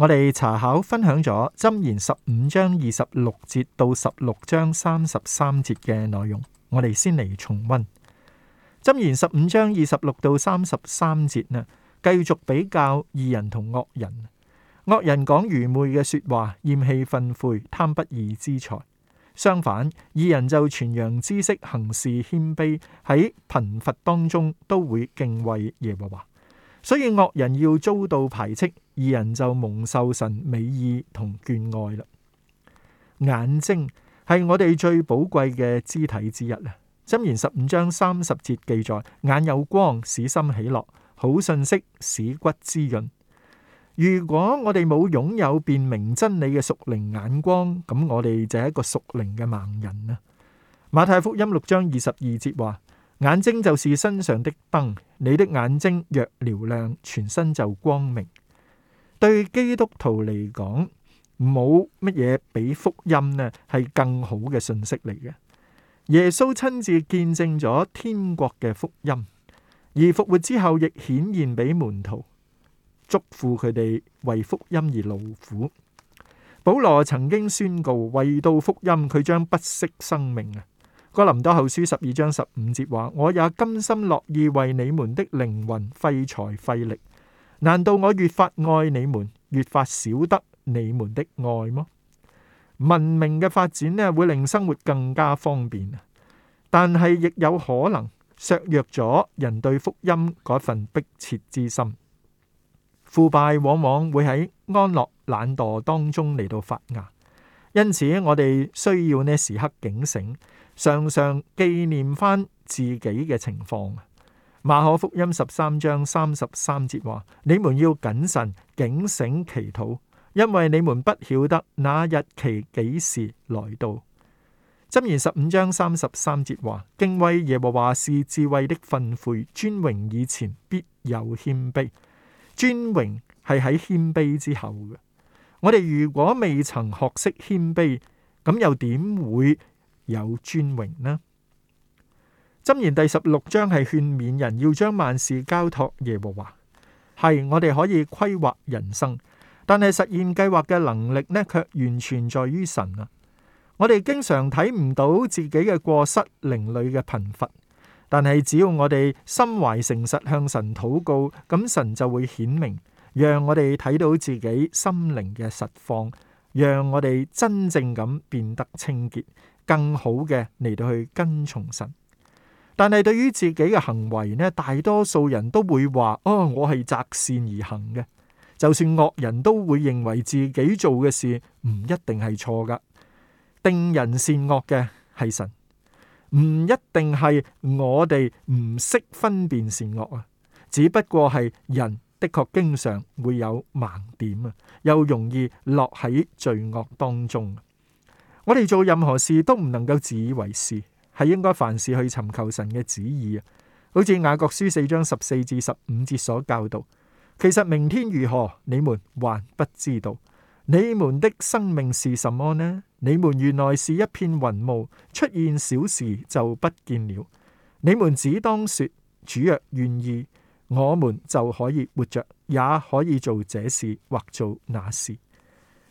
我哋查考分享咗箴言十五章二十六節到十六章三十三節嘅內容，我哋先嚟重温箴言十五章二十六到三十三節呢，繼續比較義人同惡人。惡人講愚昧嘅說話，厭棄憤悔，貪不義之財。相反，義人就傳揚知識，行事謙卑，喺貧乏當中都會敬畏耶和華。所以惡人要遭到排斥。二人就蒙受神美意同眷愛啦。眼睛係我哋最寶貴嘅肢體之一啦。箴言十五章三十節記載：眼有光，使心喜樂；好信息，使骨滋潤。如果我哋冇擁有辨明真理嘅屬靈眼光，咁我哋就係一個屬靈嘅盲人啦。馬太福音六章二十二節話：眼睛就是身上的燈，你的眼睛若瞭亮，全身就光明。對基督徒嚟講，冇乜嘢比福音咧係更好嘅信息嚟嘅。耶穌親自見證咗天國嘅福音，而復活之後亦顯現俾門徒，祝福佢哋為福音而勞苦。保羅曾經宣告為到福音佢將不惜生命啊！哥林多後書十二章十五節話：我也甘心樂意為你們的靈魂費財費力。難道我越發愛你們，越發少得你們的愛嗎？文明嘅發展咧，會令生活更加方便，但係亦有可能削弱咗人對福音嗰份迫切之心。腐敗往往會喺安樂懶惰當中嚟到發芽，因此我哋需要呢時刻警醒，常常紀念返自己嘅情況。馬可福音十三章三十三節話：你們要謹慎，警醒，祈禱，因為你們不曉得那日期幾時來到。箴言十五章三十三節話：敬畏耶和華是智慧的訓誨，尊榮以前必有謙卑。尊榮係喺謙卑之後嘅。我哋如果未曾學識謙卑，咁又點會有尊榮呢？《箴言》第十六章係勸勉人要將萬事交託耶和華。係我哋可以規劃人生，但係實現計劃嘅能力呢？卻完全在於神啊！我哋經常睇唔到自己嘅過失、靈裏嘅貧乏，但係只要我哋心懷誠實向神禱告，咁神就會顯明，讓我哋睇到自己心靈嘅實況，讓我哋真正咁變得清潔、更好嘅嚟到去跟從神。但係對於自己嘅行為呢，大多數人都會話，哦，我係擇善而行嘅。就算惡人都會認為自己做嘅事唔一定係錯噶。定人善惡嘅係神，唔一定係我哋唔識分辨善惡啊。只不過係人的確經常會有盲點啊，又容易落喺罪惡當中。我哋做任何事都唔能夠自以為是。係應該凡事去尋求神嘅旨意啊！好似雅各書四章十四至十五節所教導，其實明天如何你們還不知道。你們的生命是什麼呢？你們原來是一片雲霧，出現少時就不見了。你們只當說：主若願意，我們就可以活着，也可以做這事或做那事。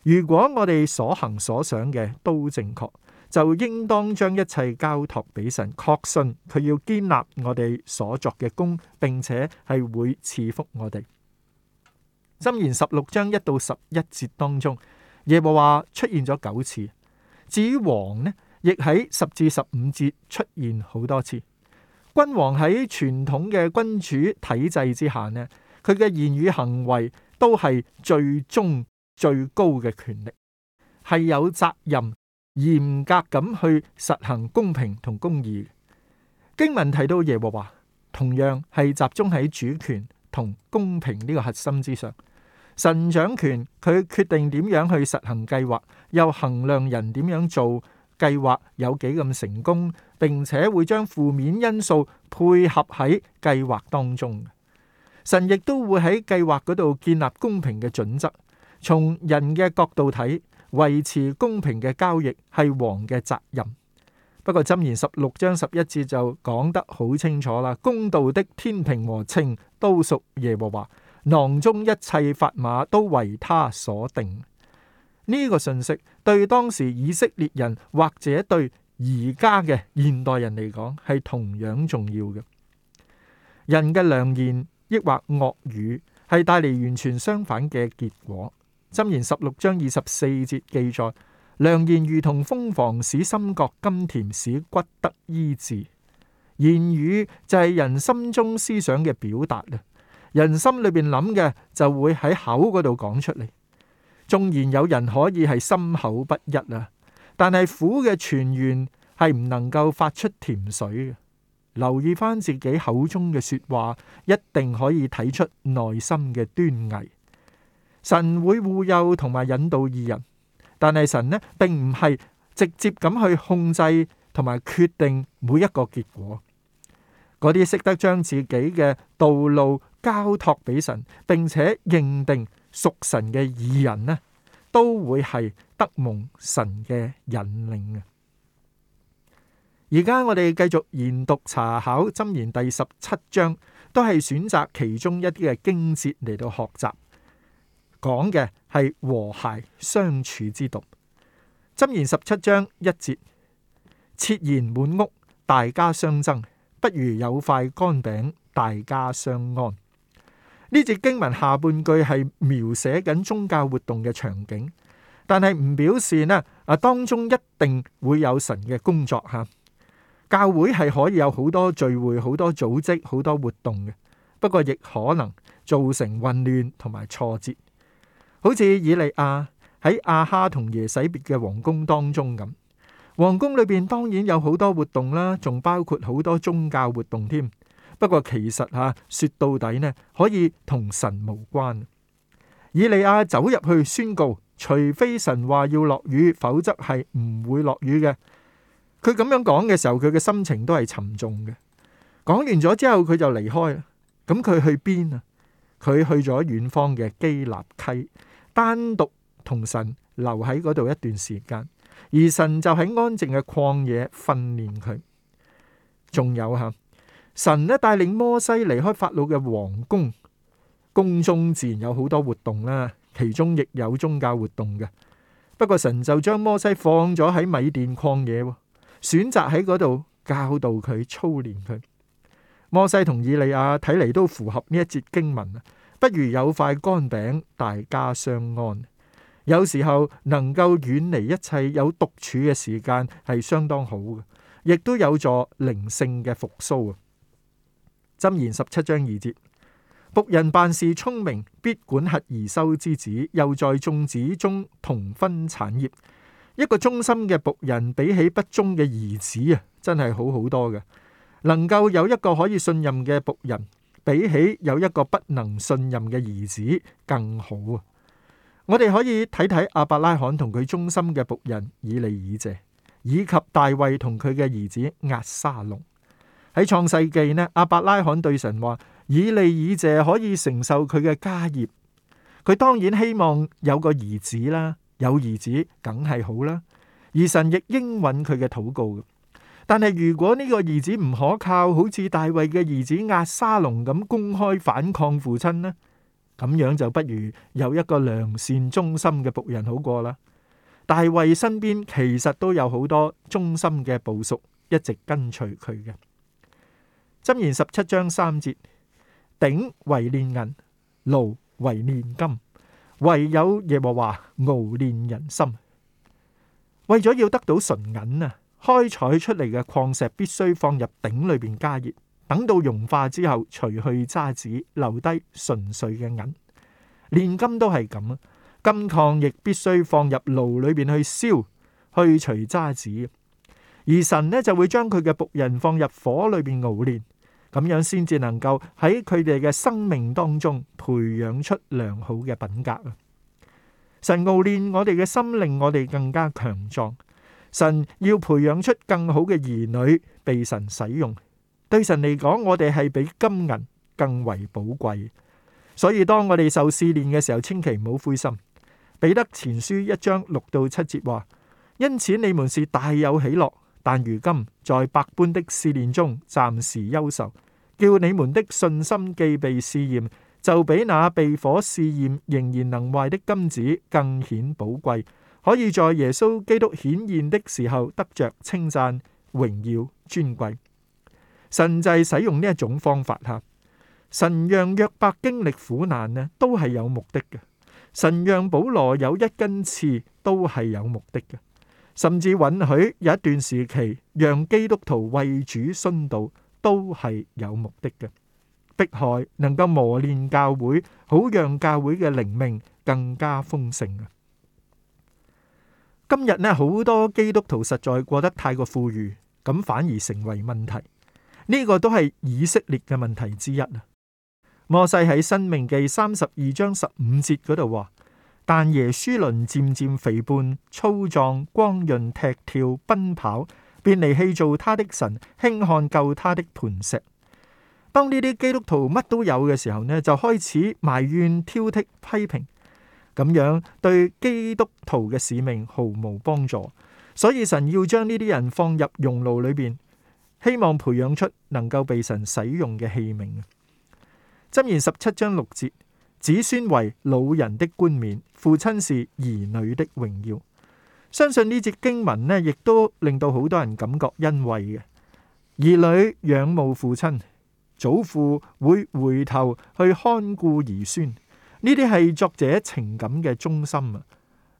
如果我哋所行所想嘅都正確，就應當將一切交託俾神，確信佢要堅立我哋所作嘅功，並且係會賜福我哋。箴言十六章一到十一節當中，耶和華出現咗九次，至於王呢，亦喺十至十五節出現好多次。君王喺傳統嘅君主體制之下呢，佢嘅言語行為都係最終最高嘅權力，係有責任。嚴格咁去實行公平同公義。經文提到耶和華同樣係集中喺主權同公平呢個核心之上，神掌權，佢決定點樣去實行計劃，又衡量人點樣做計劃有幾咁成功，並且會將負面因素配合喺計劃當中。神亦都會喺計劃嗰度建立公平嘅準則，從人嘅角度睇。維持公平嘅交易係王嘅責任。不過《箴言》十六章十一節就講得好清楚啦，公道的天平和秤都屬耶和華，囊中一切法碼都為他所定。呢、這個信息對當時以色列人或者對而家嘅現代人嚟講係同樣重要嘅。人嘅良言抑或惡語係帶嚟完全相反嘅結果。《箴言》十六章二十四節記載：良言如同蜂房，使心覺甘甜，使骨得醫治。言語就係人心中思想嘅表達啦，人心裏邊諗嘅就會喺口嗰度講出嚟。縱然有人可以係心口不一啊，但係苦嘅泉源係唔能夠發出甜水嘅。留意翻自己口中嘅說話，一定可以睇出內心嘅端倪。神會護佑同埋引導義人，但係神呢，並唔係直接咁去控制同埋決定每一個結果。嗰啲識得將自己嘅道路交託俾神，並且認定屬神嘅義人呢，都會係得蒙神嘅引領啊！而家我哋繼續研讀查考《箴言》第十七章，都係選擇其中一啲嘅經節嚟到學習。講嘅係和諧相處之道。箴言十七章一節，設筵滿屋，大家相爭，不如有塊乾餅，大家相安。呢節經文下半句係描寫緊宗教活動嘅場景，但係唔表示咧啊當中一定會有神嘅工作吓。教會係可以有好多聚會、好多組織、好多活動嘅，不過亦可能造成混亂同埋挫折。好似以利亞喺亞哈同耶洗別嘅皇宮當中咁，皇宮裏邊當然有好多活動啦，仲包括好多宗教活動添。不過其實吓、啊、說到底呢，可以同神無關。以利亞走入去宣告，除非神話要落雨，否則係唔會落雨嘅。佢咁樣講嘅時候，佢嘅心情都係沉重嘅。講完咗之後，佢就離開啦。咁佢去邊啊？佢去咗遠方嘅基立溪。單獨同神留喺嗰度一段時間，而神就喺安靜嘅曠野訓練佢。仲有吓，神呢，帶領摩西離開法老嘅皇宮，宮中自然有好多活動啦，其中亦有宗教活動嘅。不過神就將摩西放咗喺米甸曠野，選擇喺嗰度教導佢，操練佢。摩西同以利亞睇嚟都符合呢一節經文啊！不如有塊乾餅，大家相安。有時候能夠遠離一切有獨處嘅時間係相當好嘅，亦都有助靈性嘅復甦啊！《箴言》十七章二節：僕人辦事聰明，必管轄貽羞之子，又在眾子中同分產業。一個忠心嘅僕人，比起不忠嘅兒子啊，真係好好多嘅。能夠有一個可以信任嘅僕人。比起有一個不能信任嘅兒子更好啊！我哋可以睇睇亞伯拉罕同佢忠心嘅僕人以利以謝，以及大衛同佢嘅兒子押沙龍。喺創世記呢，亞伯拉罕對神話：以利以謝可以承受佢嘅家業。佢當然希望有個兒子啦，有兒子梗係好啦。而神亦應允佢嘅禱告。但係如果呢個兒子唔可靠，好似大衛嘅兒子押沙龍咁公開反抗父親呢？咁樣就不如有一個良善忠心嘅僕人好過啦。大衛身邊其實都有好多忠心嘅部屬一直跟隨佢嘅。箴言十七章三節：鼎為煉銀，爐為煉金，唯有耶和華熬煉人心，為咗要得到純銀啊！開採出嚟嘅礦石必須放入鼎裏邊加熱，等到融化之後，除去渣子，留低純粹嘅銀。煉金都係咁，金礦亦必須放入爐裏邊去燒，去除渣子。而神呢，就會將佢嘅僕人放入火裏邊熬煉，咁樣先至能夠喺佢哋嘅生命當中培養出良好嘅品格。神熬煉我哋嘅心，令我哋更加強壯。神要培養出更好嘅兒女，被神使用。對神嚟講，我哋係比金銀更為寶貴。所以當我哋受試煉嘅時候，千祈唔好灰心。彼得前書一章六到七節話：因此你們是大有喜樂，但如今在百般的試煉中暫時憂愁，叫你們的信心既被試驗，就比那被火試驗仍然能壞的金子更顯寶貴。可以在耶穌基督顯現的時候得着稱讚、榮耀、尊貴。神就係使用呢一種方法吓，神讓約伯經歷苦難呢，都係有目的嘅；神讓保羅有一根刺，都係有目的嘅；甚至允許有一段時期讓基督徒為主殉道，都係有目的嘅。迫害能夠磨練教會，好讓教會嘅靈命更加豐盛。今日咧好多基督徒實在過得太過富裕，咁反而成為問題。呢個都係以色列嘅問題之一啊！摩西喺《申命記》三十二章十五節嗰度話：但耶書倫漸漸肥胖粗壯，光潤踢跳奔跑，便離棄造他的神，輕看救他的磐石。當呢啲基督徒乜都有嘅時候呢，就開始埋怨、挑剔、批評。咁樣對基督徒嘅使命毫無幫助，所以神要將呢啲人放入熔爐裏邊，希望培養出能夠被神使用嘅器皿啊。箴言十七章六節：子孫為老人的冠冕，父親是兒女的榮耀。相信呢節經文呢，亦都令到好多人感覺欣慰嘅。兒女仰慕父親，祖父會回頭去看顧兒孫。呢啲係作者情感嘅中心啊！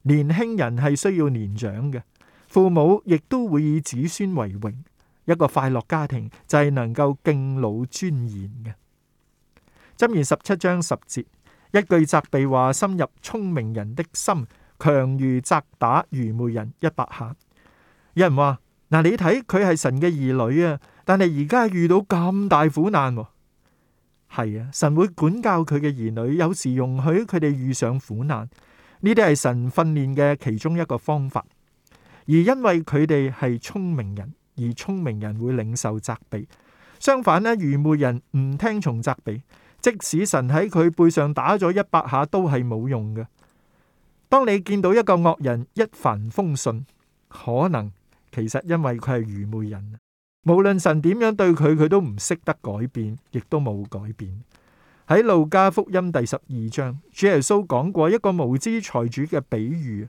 年輕人係需要年長嘅，父母亦都會以子孫為榮。一個快樂家庭就係能夠敬老尊賢嘅。箴言十七章十節，一句責備話深入聰明人的心，強如責打愚昧人一百下。有人話：嗱，你睇佢係神嘅兒女啊，但係而家遇到咁大苦難啊。係啊，神會管教佢嘅兒女，有時容許佢哋遇上苦難，呢啲係神訓練嘅其中一個方法。而因為佢哋係聰明人，而聰明人會領受責備。相反呢，愚昧人唔聽從責備，即使神喺佢背上打咗一百下都係冇用嘅。當你見到一個惡人一帆風順，可能其實因為佢係愚昧人。無論神點樣對佢，佢都唔識得改變，亦都冇改變。喺路加福音第十二章，主耶穌講過一個無知財主嘅比喻，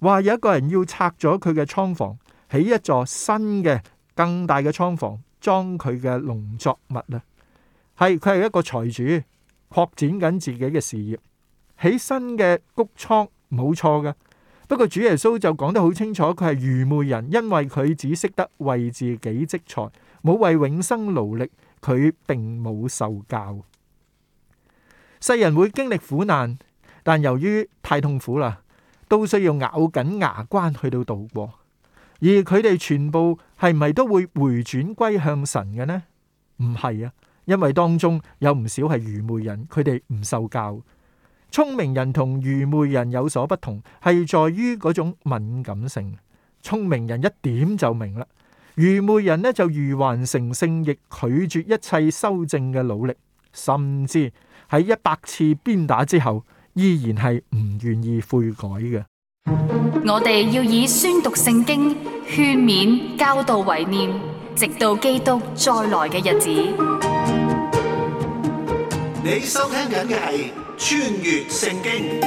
話有一個人要拆咗佢嘅倉房，起一座新嘅、更大嘅倉房，裝佢嘅農作物啦。係，佢係一個財主，擴展緊自己嘅事業，起新嘅穀倉，冇錯噶。不過主耶穌就講得好清楚，佢係愚昧人，因為佢只識得為自己積財，冇為永生勞力。佢並冇受教。世人會經歷苦難，但由於太痛苦啦，都需要咬緊牙關去到度過。而佢哋全部係咪都會回轉歸向神嘅呢？唔係啊，因為當中有唔少係愚昧人，佢哋唔受教。聰明人同愚昧人有所不同，係在於嗰種敏感性。聰明人一點就明啦，愚昧人呢就愚頑成性，亦拒絕一切修正嘅努力，甚至喺一百次鞭打之後，依然係唔願意悔改嘅。我哋要以宣讀聖經、勸勉、教導為念，直到基督再來嘅日子。你收聽緊嘅係。穿越聖經，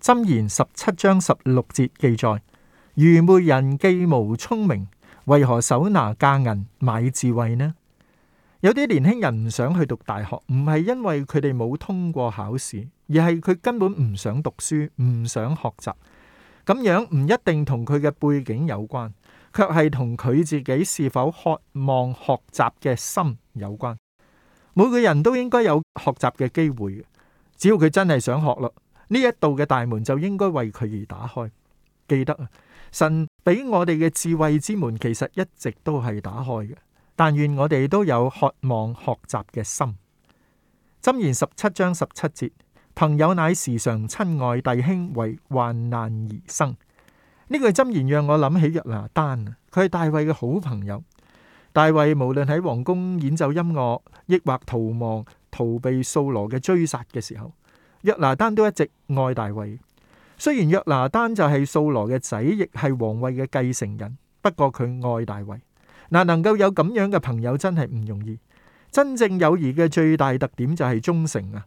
箴言十七章十六節記載：愚昧人既無聰明，為何手拿價銀買智慧呢？有啲年輕人唔想去讀大學，唔係因為佢哋冇通過考試，而係佢根本唔想讀書，唔想學習。咁樣唔一定同佢嘅背景有關。卻係同佢自己是否渴望學習嘅心有關。每個人都應該有學習嘅機會，只要佢真係想學咯，呢一道嘅大門就應該為佢而打開。記得，神俾我哋嘅智慧之門其實一直都係打開嘅。但願我哋都有渴望學習嘅心。箴言十七章十七節，朋友乃時常親愛弟兄，為患難而生。呢句箴言，讓我諗起約拿單，佢係大衛嘅好朋友。大衛無論喺皇宮演奏音樂，抑或逃亡，逃避掃羅嘅追殺嘅時候，約拿單都一直愛大衛。雖然約拿單就係掃羅嘅仔，亦係皇位嘅繼承人，不過佢愛大衛。嗱，能夠有咁樣嘅朋友真係唔容易。真正友誼嘅最大特點就係忠誠啊！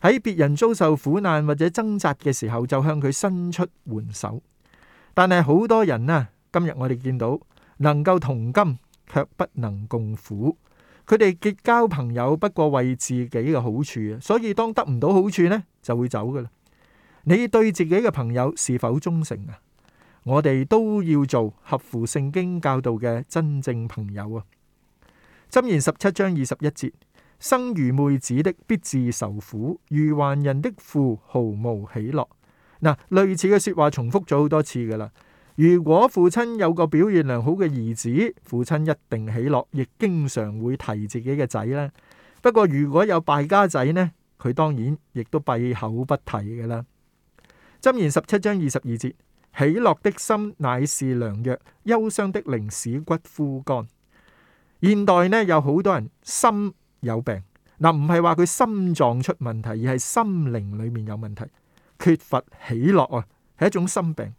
喺別人遭受苦難或者掙扎嘅時候，就向佢伸出援手。但係好多人啊，今日我哋見到能夠同甘，卻不能共苦。佢哋結交朋友不過為自己嘅好處啊，所以當得唔到好處咧，就會走噶啦。你對自己嘅朋友是否忠誠啊？我哋都要做合乎聖經教導嘅真正朋友啊。箴言十七章二十一節：生愚昧子的必自愁苦，愚頑人的父毫無喜樂。嗱，類似嘅説話重複咗好多次噶啦。如果父親有個表現良好嘅兒子，父親一定喜樂，亦經常會提自己嘅仔啦。不過如果有敗家仔呢，佢當然亦都閉口不提噶啦。箴言十七章二十二節：喜樂的心乃是良藥，憂傷的靈使骨枯乾。現代呢，有好多人心有病，嗱，唔係話佢心臟出問題，而係心靈裡面有問題。缺乏喜樂啊，係一種心病。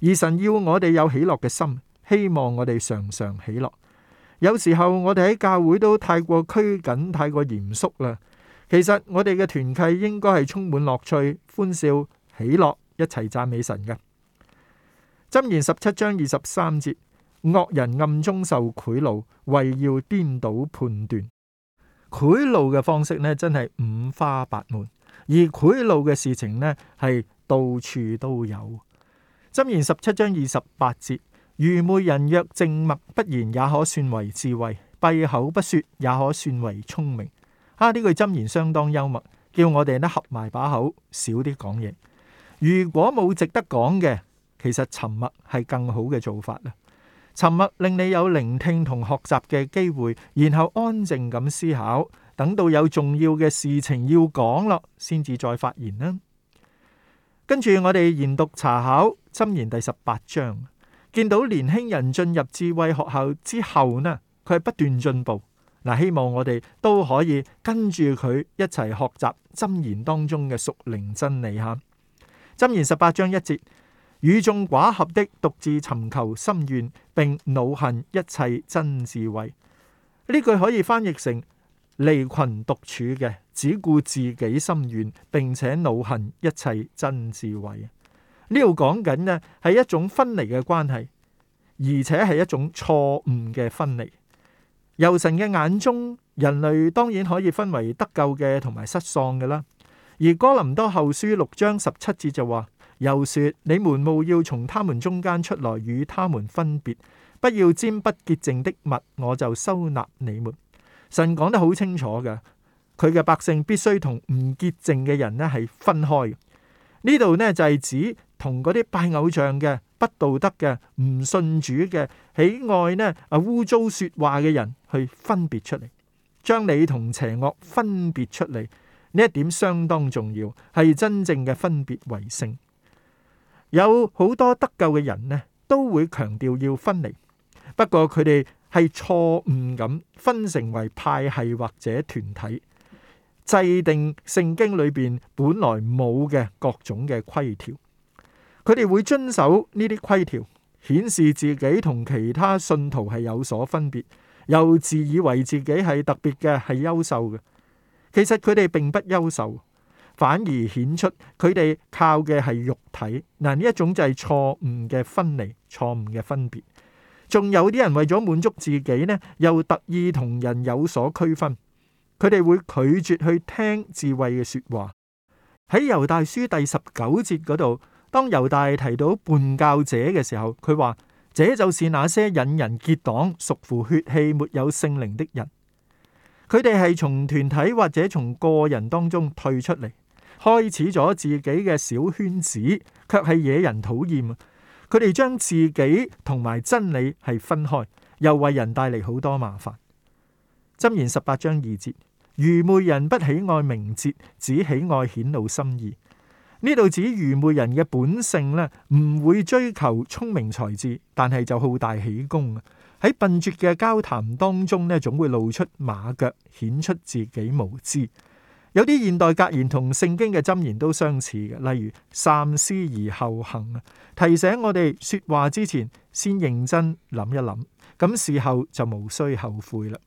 而神要我哋有喜樂嘅心，希望我哋常常喜樂。有時候我哋喺教會都太過拘謹、太過嚴肅啦。其實我哋嘅團契應該係充滿樂趣、歡笑、喜樂，一齊讚美神嘅。箴言十七章二十三節：惡人暗中受賄賂，為要顛倒判斷。賄賂嘅方式呢，真係五花八門。而賄賂嘅事情呢，係到處都有。箴言十七章二十八節：愚昧人若靜默不言，也可算為智慧；閉口不說，也可算為聰明。啊，呢句箴言相當幽默，叫我哋呢合埋把口，少啲講嘢。如果冇值得講嘅，其實沉默係更好嘅做法啦。沉默令你有聆聽同學習嘅機會，然後安靜咁思考。等到有重要嘅事情要講咯，先至再發言啦。跟住我哋研讀查考《箴言》第十八章，見到年輕人進入智慧學校之後呢，呢佢係不斷進步嗱。希望我哋都可以跟住佢一齊學習《箴言》當中嘅屬靈真理。吓。《箴言》十八章一節，與眾寡合的獨自尋求心願，並惱恨一切真智慧。呢句可以翻譯成。離群獨處嘅，只顧自己心願，並且惱恨一切真智慧。呢度講緊咧，係一種分離嘅關係，而且係一種錯誤嘅分離。由神嘅眼中，人類當然可以分為得救嘅同埋失喪嘅啦。而哥林多後書六章十七節就話：又說你們務要從他們中間出來，與他們分別，不要沾不潔淨的物，我就收納你們。神講得好清楚嘅，佢嘅百姓必須同唔潔淨嘅人咧係分開。呢度呢，就係指同嗰啲拜偶像嘅、不道德嘅、唔信主嘅、喜愛咧啊污糟說話嘅人去分別出嚟，將你同邪惡分別出嚟。呢一點相當重要，係真正嘅分別為聖。有好多得救嘅人呢，都會強調要分離，不過佢哋。係錯誤咁分成為派系或者團體，制定聖經裏邊本來冇嘅各種嘅規條，佢哋會遵守呢啲規條，顯示自己同其他信徒係有所分別，又自以為自己係特別嘅，係優秀嘅。其實佢哋並不優秀，反而顯出佢哋靠嘅係肉體。嗱，呢一種就係錯誤嘅分離，錯誤嘅分別。仲有啲人為咗滿足自己呢，又特意同人有所區分，佢哋會拒絕去聽智慧嘅說話。喺猶大書第十九節嗰度，當猶大提到叛教者嘅時候，佢話：「這就是那些引人結黨、屬乎血氣、沒有聖靈的人。」佢哋係從團體或者從個人當中退出嚟，開始咗自己嘅小圈子，卻係惹人討厭。佢哋將自己同埋真理係分開，又為人帶嚟好多麻煩。箴言十八章二節：愚昧人不喜愛明哲，只喜愛顯露心意。呢度指愚昧人嘅本性咧，唔會追求聰明才智，但係就好大喜功啊。喺笨拙嘅交談當中咧，總會露出馬腳，顯出自己無知。有啲現代格言同聖經嘅箴言都相似嘅，例如三思而後行啊，提醒我哋説話之前先認真諗一諗，咁事後就無需後悔啦。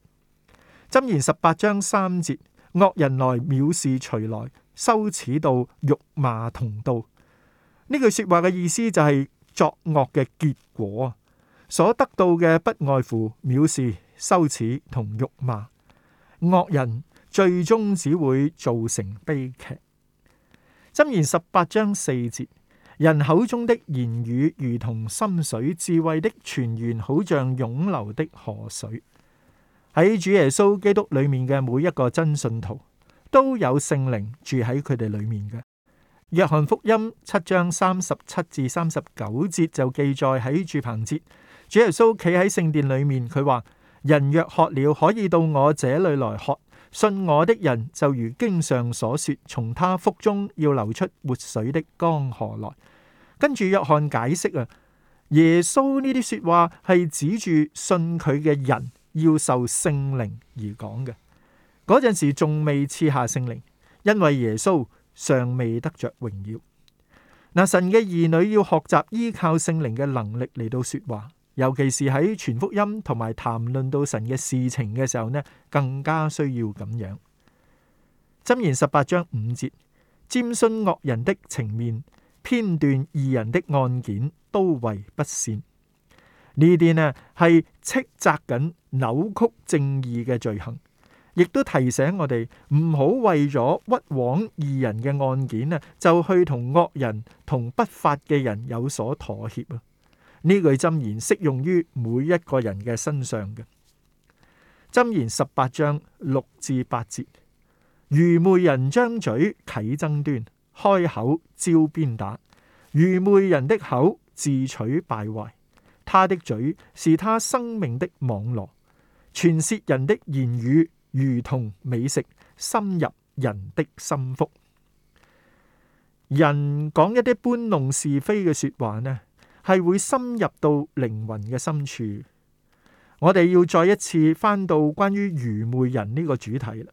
箴言十八章三節：惡人來藐視隨來，羞恥到辱罵同到。呢句説話嘅意思就係作惡嘅結果啊，所得到嘅不外乎藐視、羞恥同辱罵，惡人。最終只會造成悲劇。箴言十八章四節，人口中的言語如同深水，智慧的泉源好像湧流的河水。喺主耶穌基督裏面嘅每一個真信徒，都有聖靈住喺佢哋裡面嘅。約翰福音七章三十七至三十九節就記載喺住棚節，主耶穌企喺聖殿裡面，佢話：人若渴了，可以到我這裡來喝。信我的人就如經上所說，從他腹中要流出活水的江河來。跟住約翰解釋啊，耶穌呢啲說話係指住信佢嘅人要受聖靈而講嘅。嗰陣時仲未賜下聖靈，因為耶穌尚未得着榮耀。嗱，神嘅兒女要學習依靠聖靈嘅能力嚟到說話。尤其是喺傳福音同埋談論到神嘅事情嘅時候呢，更加需要咁樣。箴言十八章五節，瞻徇惡人的情面，偏斷義人的案件，都為不善。呢啲呢係斥責緊扭曲正義嘅罪行，亦都提醒我哋唔好為咗屈枉義人嘅案件呢，就去同惡人同不法嘅人有所妥協。呢句箴言適用於每一個人嘅身上嘅。箴言十八章六至八節，愚昧人張嘴啟爭端，開口招鞭打。愚昧人的口自取敗壞，他的嘴是他生命的網羅。傳舌人的言語如同美食，深入人的心腹。人講一啲搬弄是非嘅說話呢，係會深入到靈魂嘅深處，我哋要再一次翻到關於愚昧人呢個主題啦。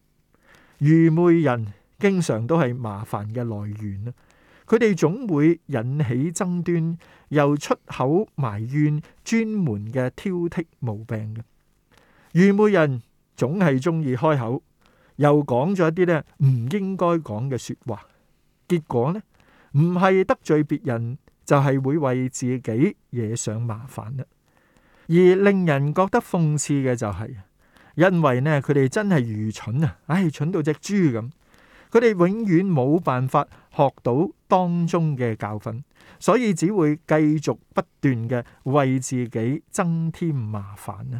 愚昧人經常都係麻煩嘅來源啊，佢哋總會引起爭端，又出口埋怨，專門嘅挑剔毛病嘅。愚昧人總係中意開口，又講咗一啲咧唔應該講嘅說話，結果呢唔係得罪別人。就係會為自己惹上麻煩啦，而令人覺得諷刺嘅就係，因為呢佢哋真係愚蠢啊，唉，蠢到隻豬咁，佢哋永遠冇辦法學到當中嘅教訓，所以只會繼續不斷嘅為自己增添麻煩啦。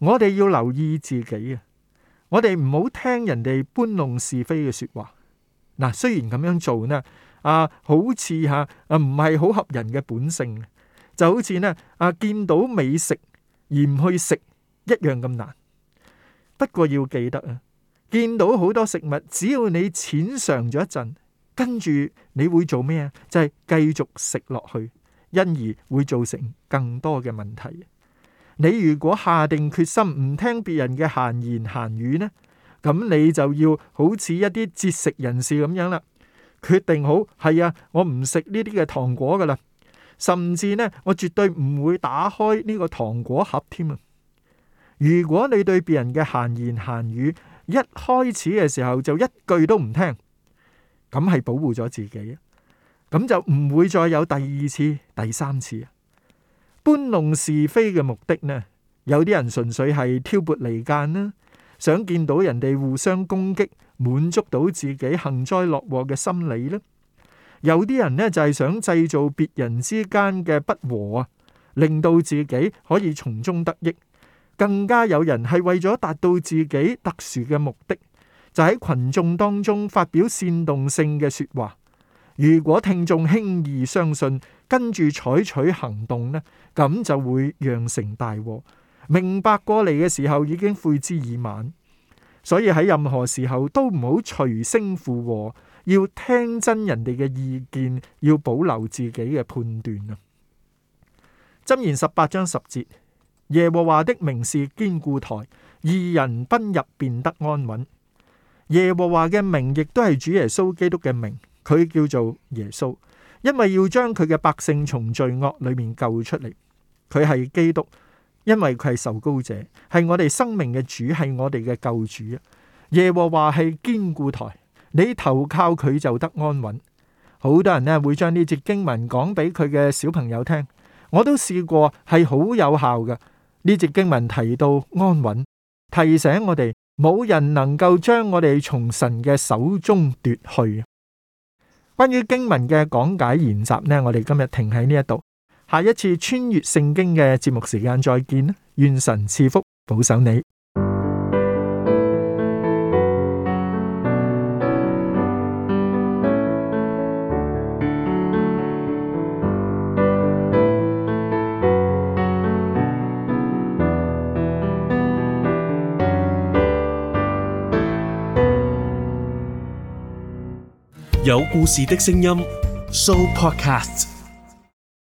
我哋要留意自己啊，我哋唔好聽人哋搬弄是非嘅說話。嗱，雖然咁樣做呢。啊，好似吓啊，唔係好合人嘅本性，就好似呢啊，見到美食而唔去食一樣咁難。不過要記得啊，見到好多食物，只要你淺嘗咗一陣，跟住你會做咩啊？就係、是、繼續食落去，因而會造成更多嘅問題。你如果下定決心唔聽別人嘅閒言閒語呢，咁你就要好似一啲節食人士咁樣啦。決定好係啊！我唔食呢啲嘅糖果噶啦，甚至呢，我絕對唔會打開呢個糖果盒添啊！如果你對別人嘅閒言閒語一開始嘅時候就一句都唔聽，咁係保護咗自己，咁就唔會再有第二次、第三次。搬弄是非嘅目的呢，有啲人純粹係挑撥離間啦，想見到人哋互相攻擊。滿足到自己幸災樂禍嘅心理呢，有啲人呢，就係想製造別人之間嘅不和啊，令到自己可以從中得益。更加有人係為咗達到自己特殊嘅目的，就喺群眾當中發表煽動性嘅説話。如果聽眾輕易相信，跟住採取行動呢，咁就會釀成大禍。明白過嚟嘅時候，已經悔之已晚。所以喺任何時候都唔好隨聲附和，要聽真人哋嘅意見，要保留自己嘅判斷啊。箴言十八章十節，耶和華的名是堅固台，義人奔入便得安穩。耶和華嘅名亦都係主耶穌基督嘅名，佢叫做耶穌，因為要將佢嘅百姓從罪惡裏面救出嚟，佢係基督。因為佢係受膏者，係我哋生命嘅主，係我哋嘅救主。耶和華係堅固台，你投靠佢就得安穩。好多人咧會將呢隻經文講俾佢嘅小朋友聽，我都試過係好有效嘅。呢隻經文提到安穩，提醒我哋冇人能夠將我哋從神嘅手中奪去。關於經文嘅講解研習咧，我哋今日停喺呢一度。下一次穿越聖經嘅節目時間再見啦！願神賜福保守你。有故事的聲音，Sooo Podcast。